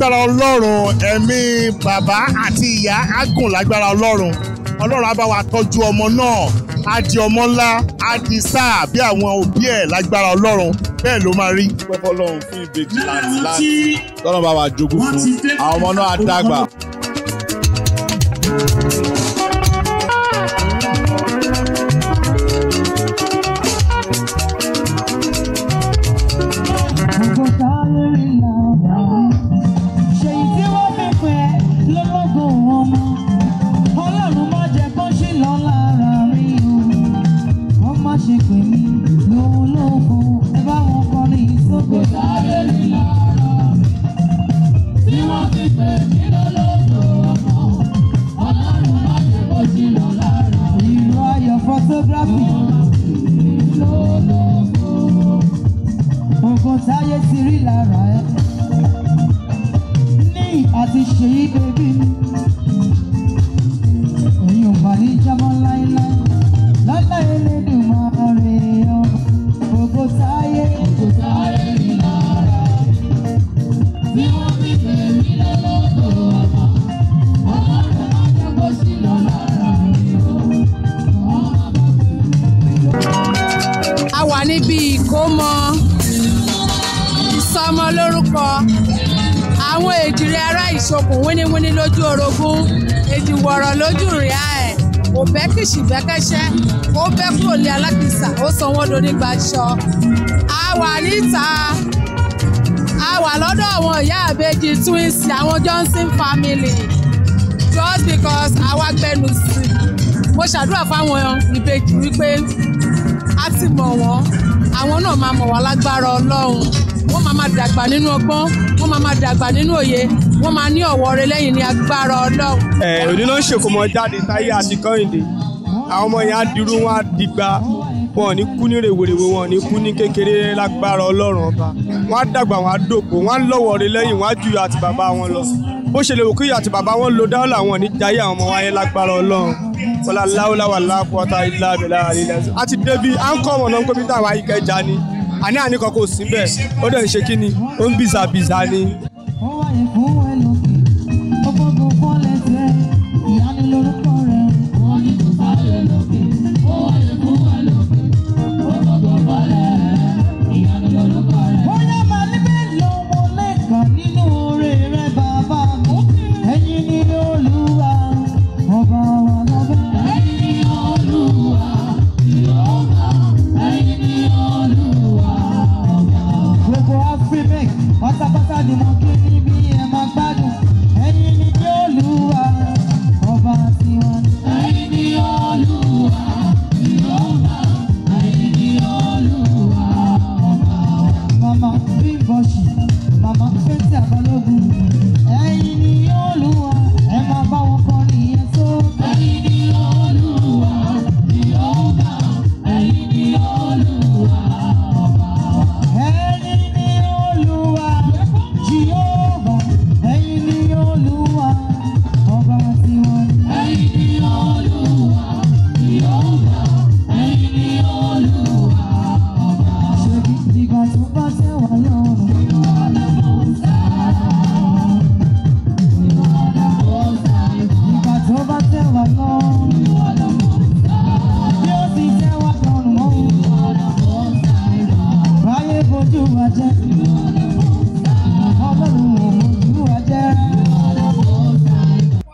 lágbára ọlọ́run ẹ̀mí bàbá àti ìyá á gùn lágbára ọlọ́run ọlọ́run á bá wa tọ́jú ọmọ náà á di ọmọ ńlá á di sáà bí àwọn òbí ẹ̀ lágbára ọlọ́run bẹ́ẹ̀ ló máa rí. pẹ́pọ́ lọ́run fún ìbejì láti láti lọ́run bá wa jogún fún àwọn ọmọ náà á dàgbà. ìsọmọ ìsọmọ lórúkọ àwọn èjìrè ará ìṣokùn wíníwíní lójú orogún èjìwọ̀rọ̀ lójú rìá ẹ̀ kò bẹ́ kìsì bẹ́kẹ́ṣẹ́ ó bẹ́ kúrò ní alákìsà ó san wọ́n lórí gbaṣọ. a wà níta a wà lọ́dọ̀ àwọn ìyá àbejì twins àwọn Johnson family just because àwa gbẹnu sí i mo ṣàdúrà fáwọn ìbejì wípé á sì mọ̀ wọ́n àwọn náà máa mọ̀ wá lágbára ọlọ́run wọ́n máa máa dàgbà nínú ọgbọ́n wọ́n máa máa dàgbà nínú òye wọ́n máa ní ọ̀wọ́ rẹ lẹ́yìn ní agbára ọlọ́run. ẹ òní ló ń ṣèkómọ jáde táyé àti kọ́hìndé àwọn ọmọ yẹn á dirú wọn á digba wọn ò ní kú ní rèwerèwe wọn ò ní kú ní kékeré lágbára ọlọ́run ọba wọn á dàgbà wọn á dògbò wọn á lọ́wọ́ rẹ lẹ́yìn wọn á jù bó ṣe lè wò kí àti bàbá wọn lo dáhùn làwọn ní jayé àwọn ọmọ wáyé lágbára Ọlọ́run wọlá láwùláwà lápọta ilá abẹlẹ àrílẹ àti débi à ọmọ náà ń pè mí táwa Ìkẹjà ni àní àníkọ kò síbẹ̀ ó dẹ̀ ń ṣe kí ni ó ń bìzàbìzà ni.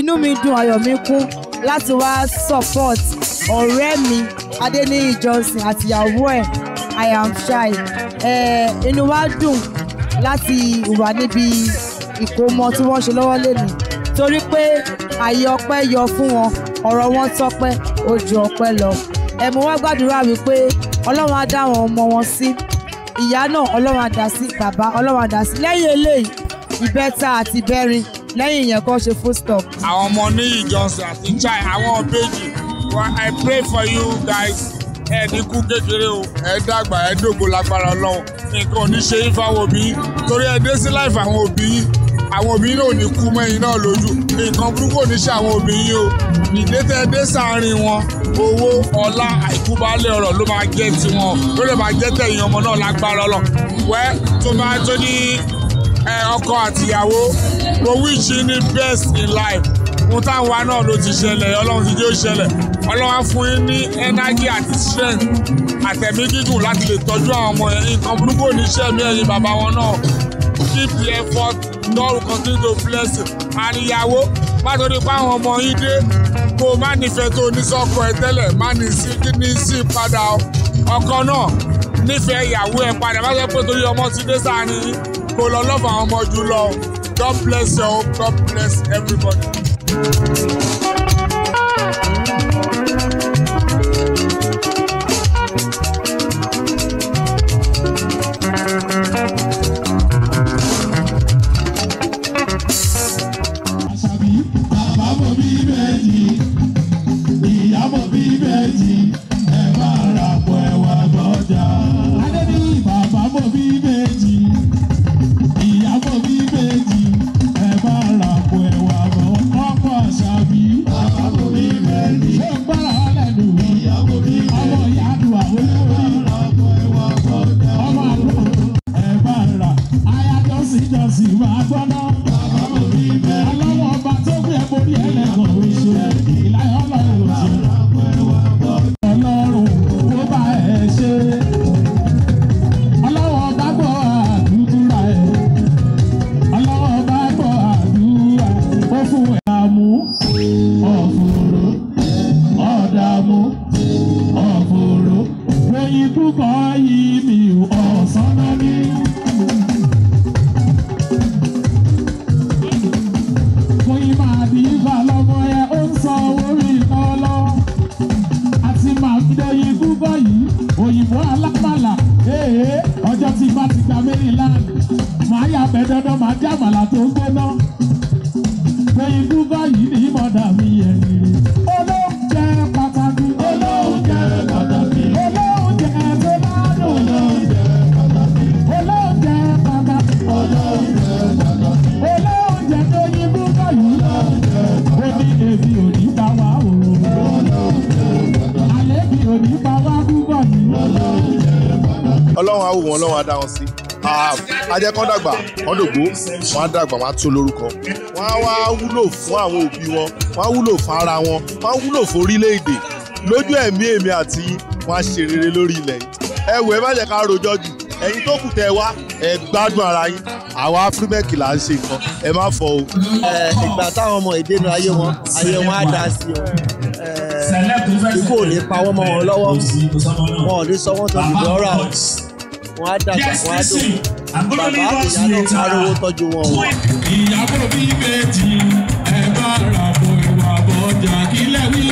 inú mi dùn ayọ̀ mi kún láti wá support ọ̀rẹ́ mi Adéníyì Johnson àtìyàwó ẹ̀ I am shy eh, inú wa dùn láti wà níbi ìkómọ tí wọ́n ṣe lọ́wọ́ lẹ́nu torí pé àyè ọpẹ́ yọ fún wọn ọ̀rọ̀ wọn tọ́pẹ́ ó ju ọpẹ́ lọ ẹ mo wá gbàdúrà wípé Ọlọ́run á dá àwọn ọmọ wọn sí ìyá náà Ọlọ́run á dá sí bàbá Ọlọ́run á dá sí lẹ́yìn eléyìí ìbẹ́ta àti ìbẹ́rin lẹ́yìn yẹn kọ́ ṣe full stop. àwọn ọmọ ní ìjọsìn àti chai àwọn ọbẹ̀jì I pray for you guys ẹ dínkù kékeré o ẹ dàgbà ẹ dògbò lágbára Ọlọ́run nǹkan ò ní ṣe é fáwọn òbí torí ẹ dé sí láìfà àwọn òbí àwọn òbí náà ò ní kú mẹ́yìn náà lójú nǹkan burúkú ò ní ṣe àwọn òbí yìí o nìdé tẹ dé sáàrin wọn owó ọlá àìkúbálẹ̀ ọ̀rọ̀ ló máa jẹ́ tiwọn ló lè máa jẹ́ tẹ̀yìn ọmọ náà lágbára Ọlọ́run wẹ́ tó bá tó ní ọkọ àtìyàwó mo wíṣì the best in life mo táwa náà ló ti ṣẹlẹ̀ ọlọ́run ti jẹ́ ó ṣẹlẹ̀ ọlọ́run á fún yín ní energy àti strength àtẹ̀mí gígùn láti lè tọ́jú àwọn ọmọ yẹn nǹkan burúkú oníṣẹ́ mi ẹ̀yin bàbá wọn náà keep the effort God will continue to bless you and ìyàwó má torí pé àwọn ọmọ yín dé kó o má nífẹ̀ẹ́ tó oníṣọ́kọ ẹ tẹ́lẹ̀ má ní sí ní sí padà ọkọ náà nífẹ̀ẹ́ ìyàwó ẹ padà má sọ pé torí ọmọ ti dé sáà nìyí mo lọ lọ́fà àwọn ọmọ jù lọ God bless you God bless everybody. ọlọ́run á wò wọ́n ọlọ́run á dá wọn sí ajẹ́kọ́ ah, dàgbà wọ́n dògbó wọ́n á dàgbà wọ́n á tún lórúkọ wọ́n á wá wúlò fún àwọn òbí wọn wọ́n á wúlò fún ara wọn wọ́n á wúlò fún orílẹ̀-èdè lójú ẹ̀mí èmi àti yín wọ́n á ṣe rere lórí ilẹ̀ yìí ẹ wò ẹ má jẹ́ ká rojọ́ jù ẹ̀yin tó kù tẹ́ wá ẹ gbádùn ara yín àwa afrimẹ́kì là ń ṣe nǹkan ẹ má fọ o. ìgbà táwọn ọmọ ìdènà ayé wọn ayé wọn á dá sí o ikú ò ní pa mọ́ wọn lọ́wọ́ wọn ò ní sọ wọ́n tó ti dọ́ra wọn á dàgbà wọn á dò bàbá ìyá pariwo tọ́jú wọn o. ìyàwó mi méjì ẹ bá ra bọ̀ ìwà bọ̀ jà kílẹ̀ wí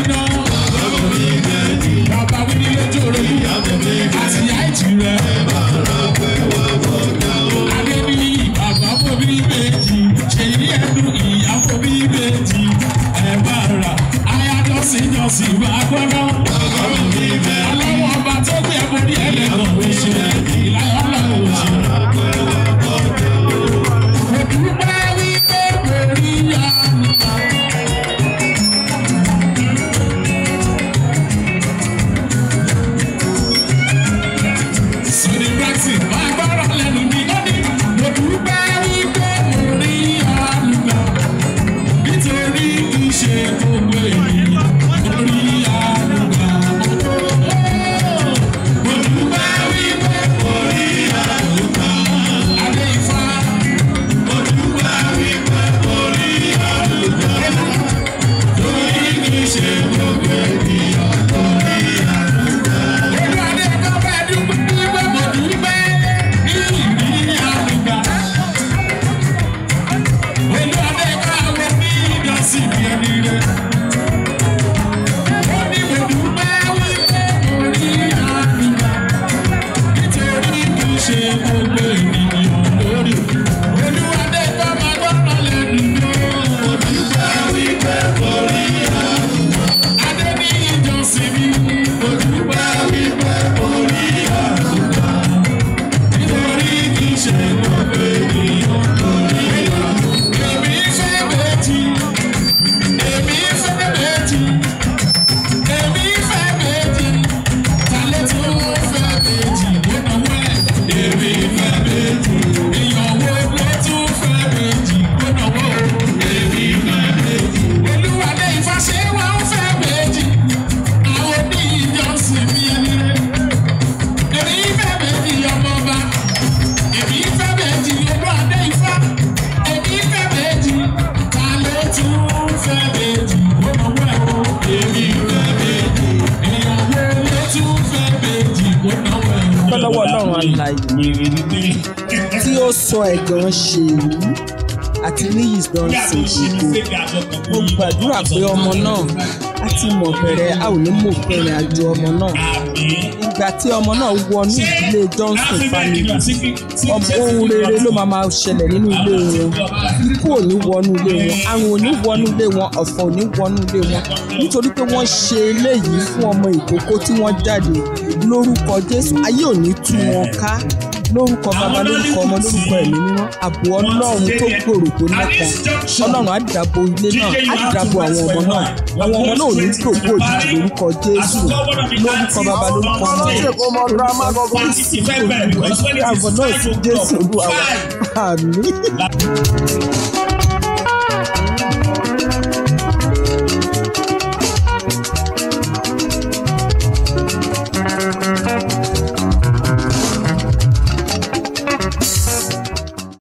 dúpẹ́ lọ́wọ́ ọlọ́run alààyè tí ó sọ ẹ̀gàn ṣèyí àti níyì Johnson gbogbo mo gbàdúrà pé ọmọ náà a ti mọ̀ bẹ̀rẹ̀ a ò ní mọ̀ bẹ̀rẹ̀ àjò ọmọ náà ìgbà tí ọmọ náà wọnú ìdílé Johnson family ohun rere ló máa máa ṣẹlẹ̀ nínú ilé wọn ikú ò ní wọnú ilé wọn àrùn ò ní wọnú ilé wọn ọ̀fọ̀ ò ní wọnú ilé wọn nítorí pé wọ́n ṣe eléyìí fún ọmọ ìkókó tí wọ́n jáde lórúkọ Jésù ayé ò ní tú wọn ká lórúkọ bàbá lórúkọ ọmọ lórúkọ ẹ̀mí mímọ́ ààbò ọlọ́run tó gbòòrò tó nípọn ọlọ́run á dáàbò ilé náà á dáàbò àwọn ọmọ náà àwọn ọmọ náà ò ní gbòògbò òjijì lórúkọ jésù lórúkọ bàbá lórúkọ ọmọ lórúkọ kristi olùwà àbọ̀ náà fún jésù olúwa àmín.